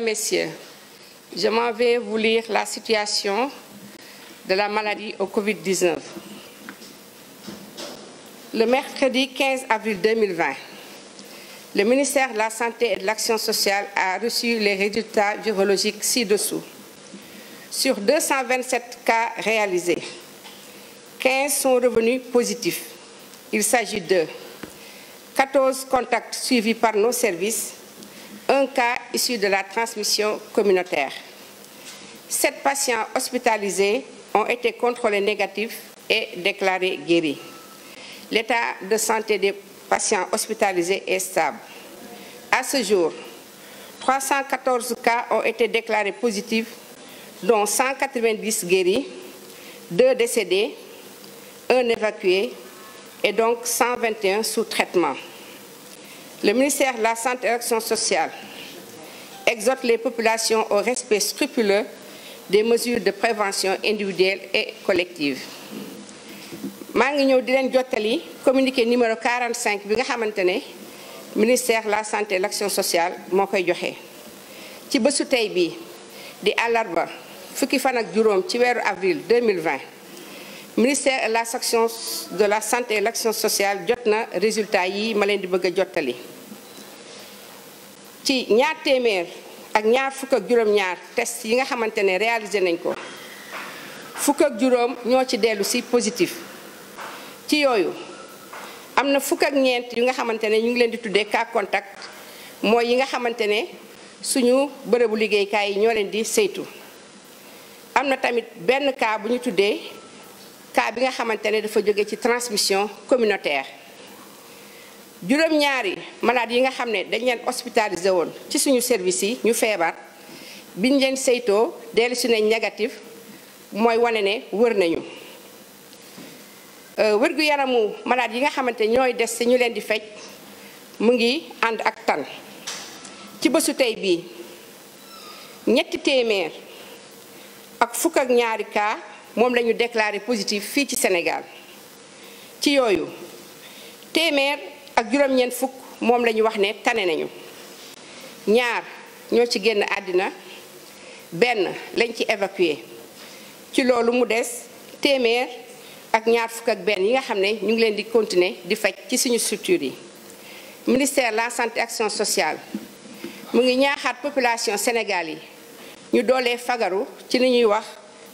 Messieurs, je m'en vais la situation de la maladie au Covid-19. Le mercredi 15 avril 2020, le ministère de la Santé et de l'Action sociale a reçu les résultats virologiques ci-dessous. Sur 227 cas réalisés, 15 sont revenus positifs. Il s'agit de 14 par nos services un cas issu de la transmission communautaire. Sept patients hospitalisés ont été contrôlés négatifs et déclarés guéris. L'état de santé des patients hospitalisés est stable. À ce jour, 314 cas ont été déclarés positifs, dont 190 guéris, 2 décédés, 1 évacué et donc 121 sous traitement. Le ministère de la Santé et de l'Action sociale exhorte les populations au respect scrupuleux des mesures de prévention individuelle et collective. maa ngi ñëw di leen jottali communiqué numéro 45 bi nga xamante ne ministère la santé l'action sociale moo koy joxe. ci bésu tey bi di àllarba fukki fan ak juróom ci weeru avril 2020 ministère la section de la santé et l'action sociale jot na résultat yi ma leen di bëgg a jottali ci ñaar téeméer ak ñaar fukk ak juróom-ñaar test yi nga xamante ne réalisé nañ ko fukk ak juróom ñoo ci dellu si positif ci yooyu am na fukk ak ñeent yu nga xamante ne ñu ngi leen di tuddee cas contact mooy yi nga xamante ne suñu bërëbu liggéeykaay yi ñoo leen di saytu am na tamit benn cas bu ñu tuddee cas bi nga xamante ne dafa jóge ci transmission communautaire juróom-ñaari malade yi nga xam ne dañ leen hospitalisé woon ci suñu service yi ñu feebar biñ leen saytoo dellu si nañ négatif mooy wane ne wër nañu euh, wérgu yaramu malade yi nga xamante ñooy des si ñu leen di fej mu ngi ànd ak tan ci bésu tey bii ñetti téeméer ak fukk ak ñaari cas moom lañu déclaré positif fii ci Sénégal ci yooyu téeméer ak juróom-ñeent moom la ñu wax ne tane nañu ñaar ñoo ci génn àddina benn lañ ci évacué ci loolu mu des téeméer ak ñaar fukk ak benn yi nga xam ne ñu ngi leen di continuer di faj ci suñu structure yi ministère la santé action sociale mu ngi ñaaxaat population Sénégal yi ñu doolee fagaru ci li ñuy wax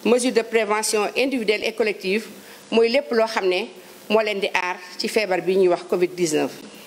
mesure de prévention individuelle et collective mooy lépp loo xam ne moo leen di aar ci feebar bi ñuy wax Covid 19.